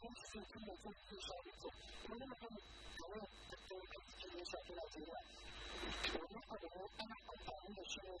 [SPEAKER 4] 都是真的做推销的做，我们那个朋友，朋友很多都是做推销，做那几个。我们那朋友，他们朋友说。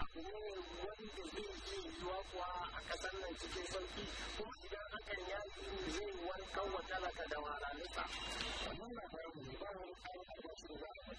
[SPEAKER 4] abu wani da zai iya zuwa kuwa a kasar nan cikin sauki kuma idan hakan ya yi zai warkar wa talaka da waranuka. Wannan na bayan ba wani tsarin da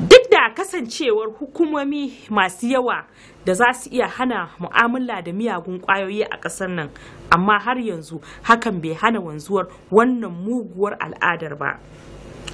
[SPEAKER 1] Duk da kasancewar hukumomi masu yawa da za su iya hana mu'amala da miyagun kwayoyi a ƙasar nan, amma har yanzu hakan bai hana wanzuwar wannan muguwar al'adar ba.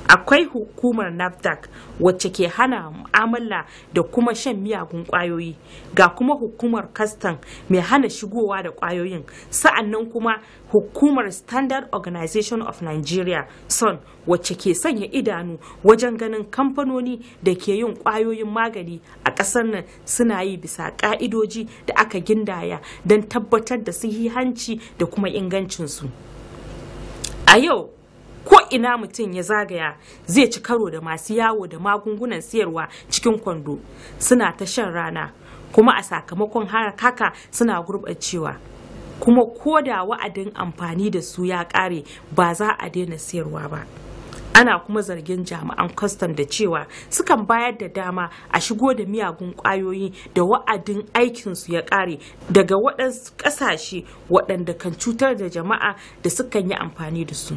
[SPEAKER 1] akwai hukumar nafdac wacce ke hana mu'amala da kuma shan miyagun kwayoyi ga kuma hukumar kastan mai hana shigowa da kwayoyin sa'annan kuma hukumar standard organization of nigeria son wacce ke sanya idanu wajen ganin kamfanoni da ke yin kwayoyin magani a kasar nan suna yi bisa ka'idoji da aka gindaya don tabbatar da sahihanci da kuma ingancinsu a yau ko ina mutum ya zagaya zai ci karo da masu yawo da magungunan siyarwa cikin kwando suna ta shan rana kuma a sakamakon haka suna gurɓacewa kuma ko da wa'adin amfani da su ya ƙare ba za a daina siyarwa ba ana kuma zargin jami'an kwastam da cewa sukan bayar da dama a shigo da miyagun ƙwayoyi da wa'adin aikinsu ya ƙare daga waɗansu ƙasashe waɗanda kan cutar da jama'a da sukan yi amfani da su.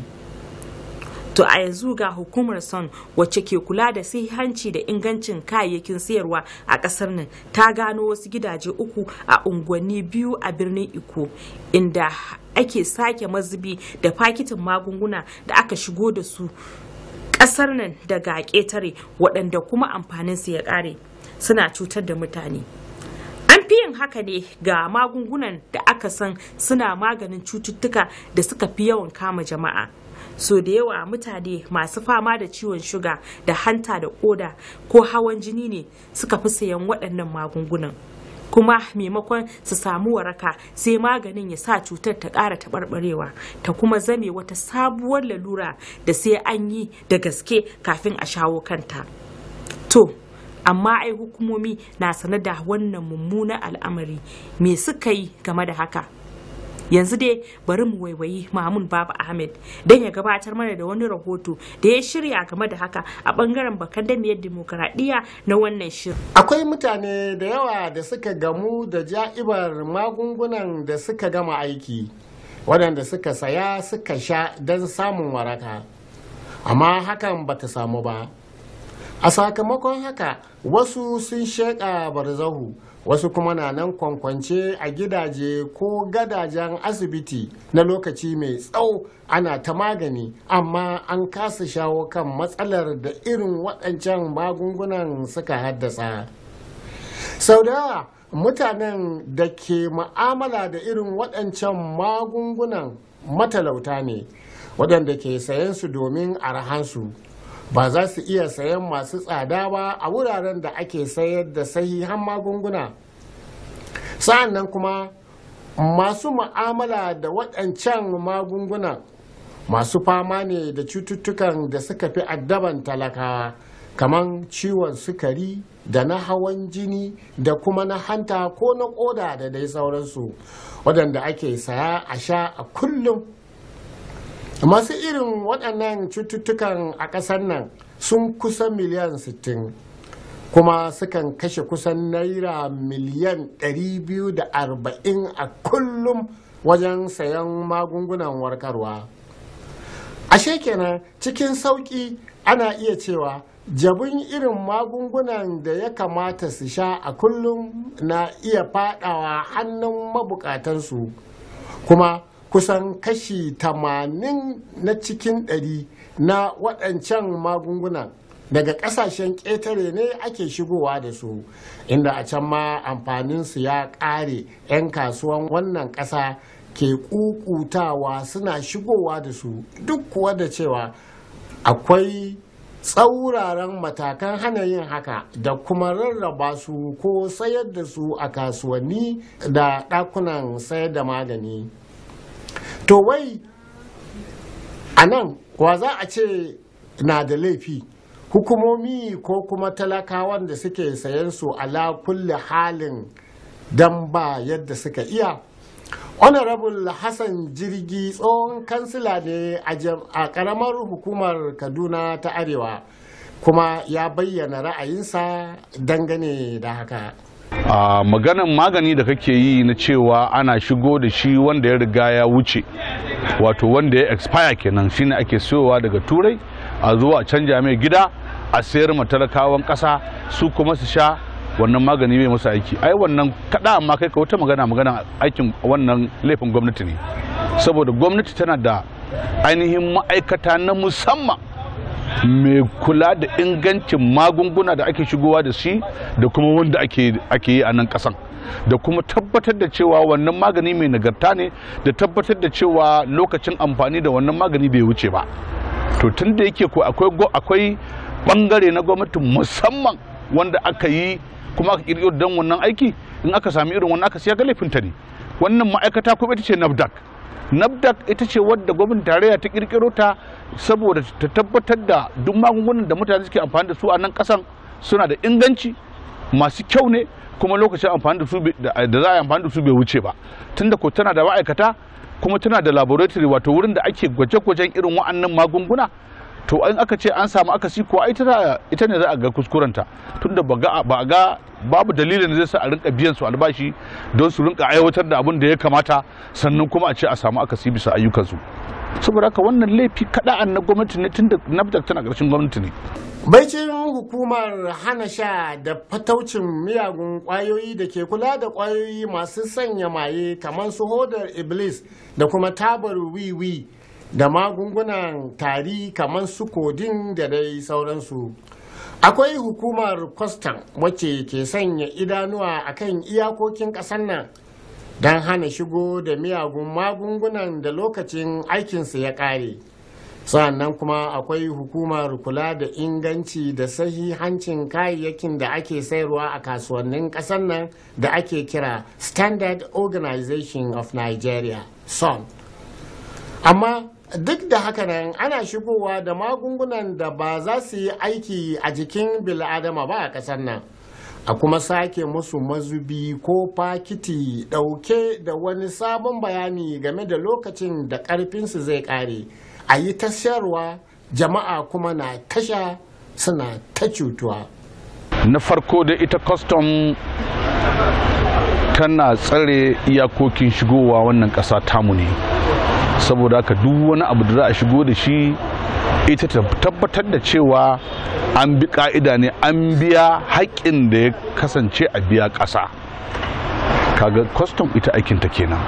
[SPEAKER 1] to a yanzu ga hukumar son wacce ke kula da sihanci da ingancin kayayyakin sayarwa a kasar nan ta gano wasu gidaje uku a unguwanni biyu a birnin iko inda ake sake mazubi da fakitin magunguna da aka shigo da su kasar nan daga ƙetare waɗanda kuma amfanin su ya ƙare suna cutar da mutane an fi yin haka ne ga magungunan da aka san suna maganin cututtuka da suka fi yawan kama jama'a so da yawa mutane masu fama da ciwon shuga da hanta da koda ko hawan jini ne suka fi sayan waɗannan magungunan kuma maimakon su samu waraka sai maganin ya sa cutar ta ƙara taɓarɓarewa ta kuma zame wata sabuwar lalura da sai an yi da gaske kafin a shawo kanta to amma ai hukumomi na sanar da wannan mummunan al'amari me suka yi game da haka yanzu dai bari mu waiwayi mamun baba ahmed don ya gabatar mana da wani rahoto da ya shirya game da haka a bangaren bakan bakandamiyar demokaradiyya na wannan shirin
[SPEAKER 2] akwai mutane da yawa da suka gamu da ja'ibar magungunan da suka gama aiki waɗanda suka saya suka sha don samun waraka amma hakan ba bata samu ba a sakamakon haka wasu sun sheƙa barzahu wasu kuma na nan kwankwance a gidaje ko gadajen asibiti na lokaci mai tsawo ana ta magani amma an kasa shawo kan matsalar da irin waɗancan magungunan suka haddasa sau da mutanen da ke ma'amala da irin waɗancan magungunan matalauta ne waɗanda ke sayan su domin su ba za su iya sayan masu tsada ba a wuraren da ake sayar da sahihan magunguna sa'annan kuma masu ma'amala da waɗancan magunguna masu fama ne da cututtukan da suka fi addaban talaka kamar ciwon sukari da na hawan jini da kuma na hanta ko na koda da dai sauransu waɗanda ake saya a sha a kullum masu irin waɗannan cututtukan a ƙasar nan sun kusa miliyan 60 kuma sukan kashe kusan naira miliyan 240 a kullum wajen sayan magungunan warkarwa ashe kenan cikin sauƙi ana iya cewa jabin irin magungunan da ya kamata su sha a kullum na iya fadawa hannun mabukatansu kuma kusan kashi 80 na cikin 100 na waɗancan magungunan daga ƙasashen ƙetare ne ake shigowa da su inda a can ma amfaninsu ya ƙare 'yan kasuwan wannan ƙasa ke ƙuƙutawa suna shigowa da su duk kuwa da cewa akwai tsauraran matakan hana yin haka da kuma rarraba su ko sayar da su a kasuwanni da ɗakunan sayar da magani to wai a nan wa za a ce na da laifi hukumomi ko kuma talakawan da suke sayan su ala kulle halin don ba yadda suka iya honorable hassan jirgi tsohon kansila ne a karamar hukumar kaduna ta arewa kuma ya bayyana ra'ayinsa dangane da haka
[SPEAKER 5] a maganan magani da kake yi na cewa ana shigo da shi wanda ya riga ya wuce wato wanda ya expire kenan shine ake siyowa daga turai a zuwa canja mai gida a sayar ma kasa su kuma su sha wannan magani mai masu aiki ai wannan kada amma kai ka wata magana magana aikin wannan laifin gwamnati ne saboda gwamnati tana da ainihin ma'aikata na musamman mai kula da ingancin magunguna da ake shigowa da shi da kuma wanda ake yi a nan kasan da kuma tabbatar da cewa wannan magani mai nagarta ne da tabbatar da cewa lokacin amfani da wannan magani bai wuce ba to tun da yake ko akwai bangare na gwamnati musamman wanda aka yi kuma aka kirkiro don wannan aiki in aka sami irin wannan aka siya ga laifinta ne wannan ma'aikata kuma ita ce nafdak nabdak ita ce wadda gwamnatin tarayya ta kirkiro ta saboda ta tabbatar da duk magungunan da mutane suke amfani da su a nan kasan suna da inganci masu kyau ne kuma lokacin amfani da su da za a amfani da su bai wuce ba tunda ko tana da ma'aikata kuma tana da laboratory wato wurin da ake gwaje-gwajen irin wa'annan magunguna to in aka ce an samu akasi ko ai ita ne za a ga kuskurenta tunda ba ga babu dalilin da zai sa a rinka biyan su albashi don su rinka aiwatar da abin da ya kamata sannan kuma a ce a samu akasi bisa ayyukansu saboda haka wannan laifi kada'an na gwamnati ne tunda nafdak tana karshen gwamnati ne baicin
[SPEAKER 2] hukumar hana sha da fataucin miyagun kwayoyi da ke kula da kwayoyi masu sanya maye kamar su hodar iblis da kuma tabar wiwi da magungunan tari kamar su kodin da dai sauransu akwai hukumar kwastan wacce ke sanya idanuwa akan iyakokin ƙasar nan don hana shigo da miyagun magungunan da lokacin aikinsu ya ƙare sannan kuma akwai hukumar kula da inganci da sahihancin kayayyakin da ake sayarwa a kasuwannin ƙasar nan da ake kira standard organization of nigeria son amma duk da haka nan ana shigowa da magungunan da ba za su yi aiki a jikin bil'adama ba a ƙasar nan a kuma sake musu mazubi ko fakiti ɗauke da wani sabon bayani game da lokacin da ƙarfinsu zai ƙare a yi ta sayarwa jama'a kuma na tasha suna ta
[SPEAKER 5] cutuwa na farko da ita custom tana tsare iyakokin shigowa wannan ƙasa tamu ne saboda haka duk wani abu da za a shigo da shi ita tabbatar da cewa an bi ka'ida ne an biya haƙƙin da ya kasance a biya ƙasa kaga custom ita aikinta kenan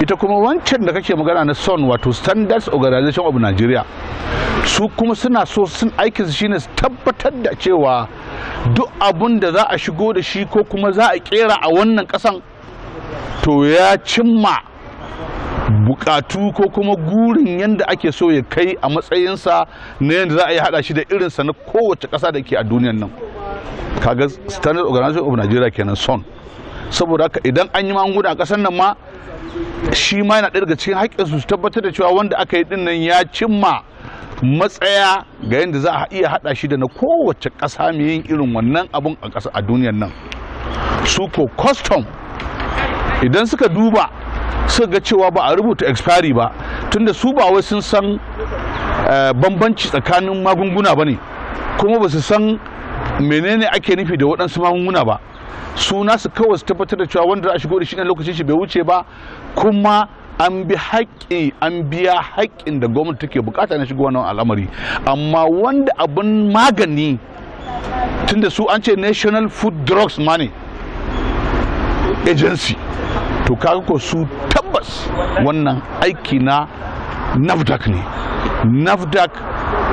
[SPEAKER 5] ita kuma wancan da kake magana na son wato standards organization of nigeria su kuma suna so sun aikin aikinsu shine tabbatar da cewa duk abun da za a shigo da shi ko kuma za a kera a wannan kasan to ya cimma bukatu ko kuma gurin yadda ake so ya kai a matsayinsa na yadda za a yi hada shi da irinsa na kowace ƙasa da ke a duniyan nan kaga standard organization of nigeria kenan son saboda haka idan an yi manguna a ƙasar nan ma shi ma yana ɗaya daga cikin haƙƙinsu su tabbatar da cewa wanda aka yi dinnan ya cimma matsaya ga yadda za a iya haɗa shi da na kowace ƙasa mai yin irin wannan abun a ƙasa a duniyan nan su ko custom idan suka duba suka ga cewa ba a rubuta expiry ba tunda su ba wai sun san eh, bambanci tsakanin magunguna ba ne kuma ba su san menene ake nufi da waɗansu magunguna ba su nasu kawai su tabbatar da cewa wanda za a shigo da shi lokacin shi bai wuce ba kuma an bi haƙƙi an biya haƙƙin da gwamnati take bukata na shigo wannan al'amari amma wanda abin magani tunda su an ce national food drugs money agency to kaga su tabbas wannan aiki na nafdak ne nafdak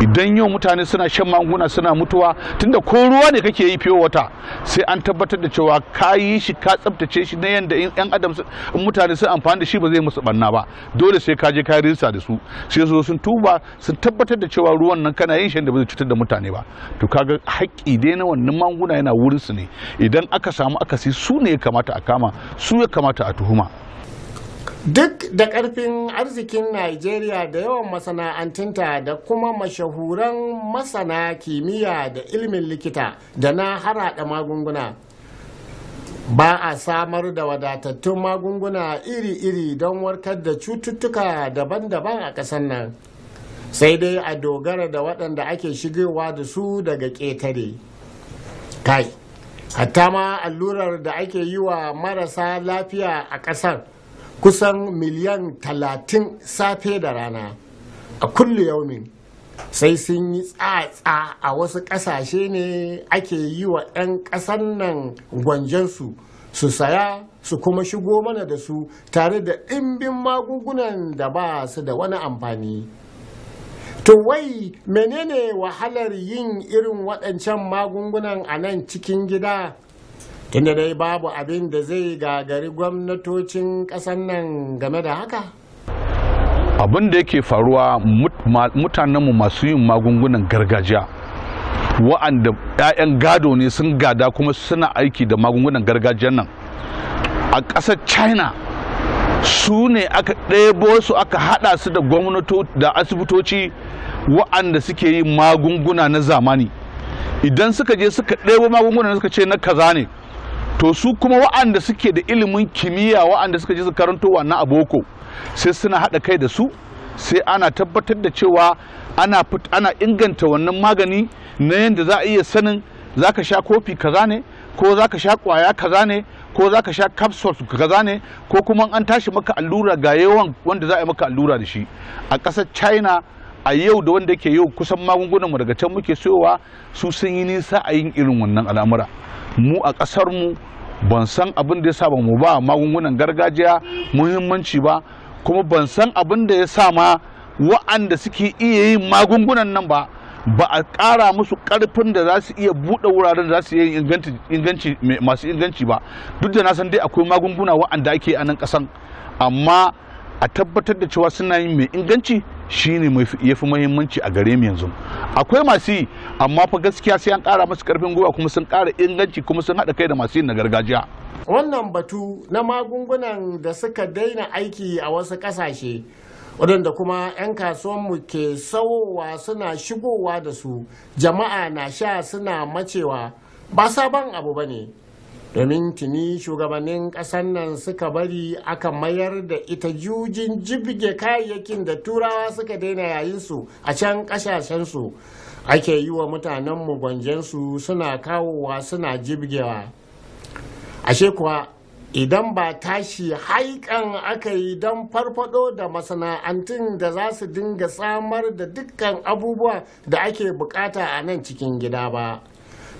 [SPEAKER 5] idan yau mutane suna shan magunguna suna mutuwa tunda ko ruwa ne kake yi fiye wata sai an tabbatar da cewa ka yi shi ka tsabtace shi na yadda yan adam mutane sun amfani da shi ba zai musu banna ba dole sai ka je ka rinsa da su sai su sun tuba sun tabbatar da cewa ruwan nan kana yin shan da ba zai cutar da mutane ba to kaga haƙƙi dai na wannan manguna yana wurin su ne idan aka samu akasi su ne ya kamata a kama su ya kamata a tuhuma
[SPEAKER 2] Duk da ƙarfin arzikin Najeriya da yawan masana'antinta da kuma mashahuran masana kimiyya da ilimin likita da na harada magunguna. Ba a samar da wadatattun magunguna iri-iri don warkar da cututtuka daban-daban a ƙasar nan. Sai dai a dogara da waɗanda ake shigowa da su daga ƙetare. Kai, hatta ma allurar da ake yi wa marasa lafiya a ƙasar. kusan miliyan talatin safe da rana a kulle yaumin sai sun yi tsatsa a wasu kasashe ne ake yi wa 'yan kasan nan gwanjansu su saya su kuma shigo mana da su tare da ɗimbin magungunan da ba su da wani amfani to wai menene wahalar yin irin waɗancan magungunan a nan cikin gida tunda dai babu abin da zai gagari gwamnatocin ƙasar nan game da haka
[SPEAKER 5] abin da yake faruwa mutanenmu masu yin magungunan gargajiya wa'anda 'ya'yan gado ne sun gada kuma suna aiki da magungunan gargajiya nan a ƙasar china su ne aka ɗebo su aka haɗa su da gwamnato da asibitoci wa'anda suke yi magunguna na zamani idan suka je suka ɗebo magunguna suka ce na kaza ne to su kuma wa'anda suke da ilimin kimiyya wa'anda suka ji su karanto wannan a boko sai suna haɗa kai da su sai ana tabbatar da cewa ana ana inganta wannan magani na yadda za a iya sanin za ka sha kofi kaza ne ko za ka sha kwaya kaza ne ko za ka sha capsules kaza ne ko kuma an tashi maka allura ga yawan wanda za a yi maka allura da shi a ƙasar china a yau da wanda ke yau kusan magungunan mu daga can muke siyowa su sun yi nisa a yin irin wannan al'amura mu a ƙasar mu ban san abin da ya sa ba mu ba magungunan gargajiya muhimmanci ba kuma ban san abin da ya sa ma wa'anda suke iya yin magungunan nan ba ba a ƙara musu ƙarfin da za su iya buɗe wuraren da za su iya inganci masu inganci ba duk da na san dai akwai magunguna wa'anda ake a nan ƙasan amma a tabbatar da cewa suna yin mai inganci shine ya fi muhimmanci a gare mu yanzu akwai masu yi amma fa gaskiya sai an ƙara masu karfin gwiwa kuma sun kara inganci kuma sun haɗa kai da masu yin na gargajiya wannan batu na
[SPEAKER 2] magungunan da suka daina aiki a wasu ƙasashe wadanda kuma 'yan kasuwanmu ke sauwa suna shigowa da su jama'a na sha suna macewa ba sabon abu ba ne domin tuni shugabannin ƙasar nan suka bari aka mayar da ita jujin jibge kayayyakin da turawa suka daina yayin su a can su ake yi wa mutanenmu su suna kawowa suna jibgewa ashe kuwa idan ba tashi haikan aka yi don farfado da masana'antun da za su dinga samar da dukkan abubuwa da ake bukata a nan cikin gida ba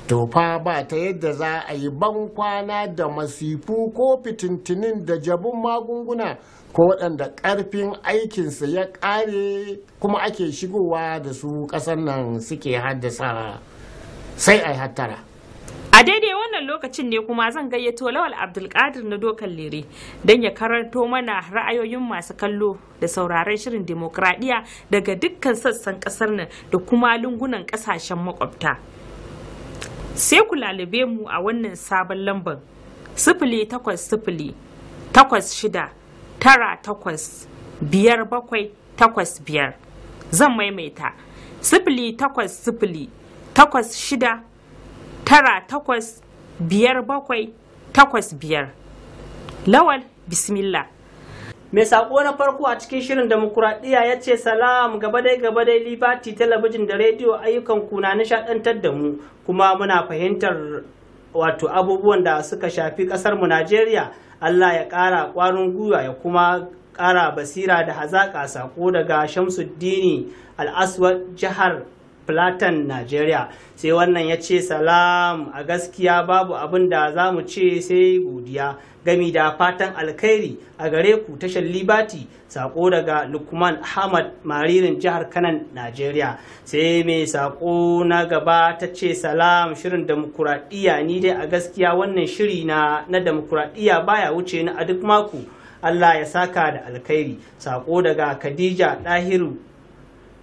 [SPEAKER 2] to fa ba ta yadda za a yi ban kwana da masifu ko fitintinin da jabun magunguna ko waɗanda ƙarfin aikinsa ya ƙare kuma ake shigowa da su ƙasar nan suke haddasa sai a yi
[SPEAKER 1] hattara a daidai wannan lokacin ne kuma zan gayyato lawal abdulkadir na dokan lere don ya karanto mana ra'ayoyin masu kallo da sauraron shirin demokradiyya daga dukkan sassan kasar nan da kuma lungunan kasashen makwabta sai ku lalube mu a wannan sabon lambar sifili takwas sifili takwas shida tara takwas biyar bakwai takwas biyar zan maimaita sifili takwas sifili takwas shida tara takwas biyar bakwai takwas biyar lawal bismillah mai saƙo na farko a cikin shirin demokuraɗiyya ya ce salam
[SPEAKER 6] gaba gabadai gabadai liberty talabijin da rediyo ayyukan kuna nishaɗantar da mu kuma muna fahimtar wato abubuwan da suka shafi ƙasar mu najeriya allah ya ƙara ƙwarin gwiwa ya kuma ƙara basira da hazaƙa saƙo daga shamsuddini al'aswar jihar Platan Najeriya sai wannan ya ce salam a gaskiya babu abin da za mu ce sai godiya gami da fatan alkhairi a gare ku tashar libati sako daga lukman ahmad maririn jihar kanan Najeriya sai mai sako na gaba ta ce salam shirin demokuraɗiyya ni dai a gaskiya wannan shiri na na demokuraɗiyya baya wuce ni a duk mako Allah ya saka da alkhairi sako daga Khadija Dahiru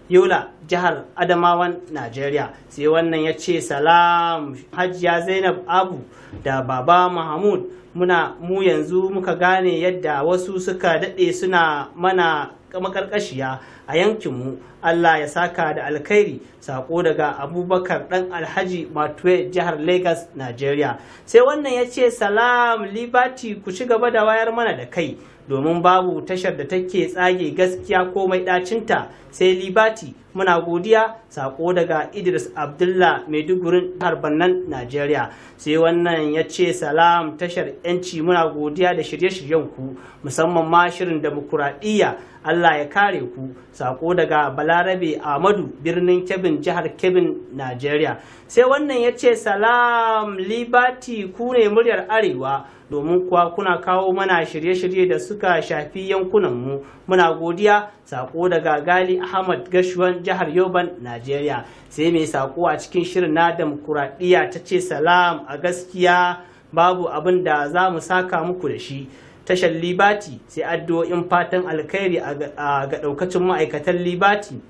[SPEAKER 6] yola jihar adamawan najeriya sai wannan ya ce salam hajiya zainab abu da baba mahmud muna mu yanzu muka gane yadda wasu suka daɗe suna mana makarkashiya a yankinmu Allah ya saka da alkhairi sako daga abubakar ɗan alhaji matuwe jihar lagos Najeriya. sai wannan ya ce salam liberty ku ci gaba da wayar mana da kai domin babu tashar da take tsage gaskiya komai ɗacinta. sai libati muna godiya sako daga idris abdullah maidugurin harbannan najeriya sai wannan ya ce salam tashar yanci muna godiya da shirye-shiryen ku musamman ma shirin demokuraɗiyya allah ya kare ku sako daga balarabe ahmadu birnin kebin jihar kebin najeriya sai wannan ya ce salam Libati, ku ne muryar arewa domin kuwa kuna kawo mana shirye-shirye da suka shafi yankunanmu muna godiya sako daga gali ahmad gashuwan jihar yoban najeriya sai mai sako a cikin shirin na demokuraɗiyya ta ce salam a gaskiya babu abin da za mu saka muku da shi tashar libati sai addu'o'in fatan alkhairi a ga ɗaukacin ma'aikatan libati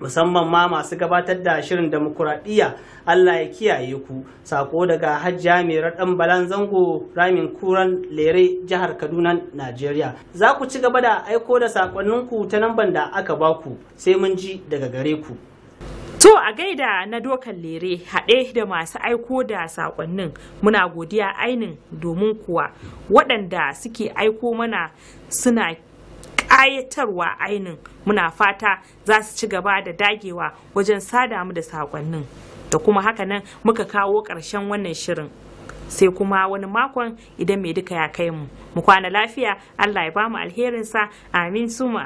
[SPEAKER 6] musamman ma masu gabatar da shirin demokuraɗiyya Allah ya kiyaye ku sako daga hajjiya mai raɗan balan zango ramin kuran lere jihar Kaduna Najeriya za ku ci gaba da aiko da sakonninku ta namban da aka baku sai mun ji daga gare ku
[SPEAKER 1] To a gaida na dokan lere haɗe da masu aiko da saƙonnin muna godiya ainin domin kuwa waɗanda suke aiko mana suna ƙayatarwa ainin muna fata za su ci gaba da dagewa wajen sada mu da saƙonnin da kuma haka nan muka kawo ƙarshen wannan shirin sai kuma wani makon idan mai duka ya kai mu mu kwana lafiya Allah ya bamu alherinsa amin su mu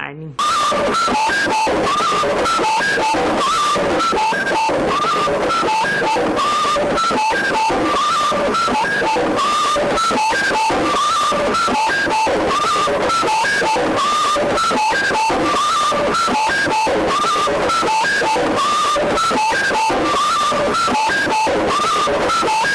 [SPEAKER 4] amin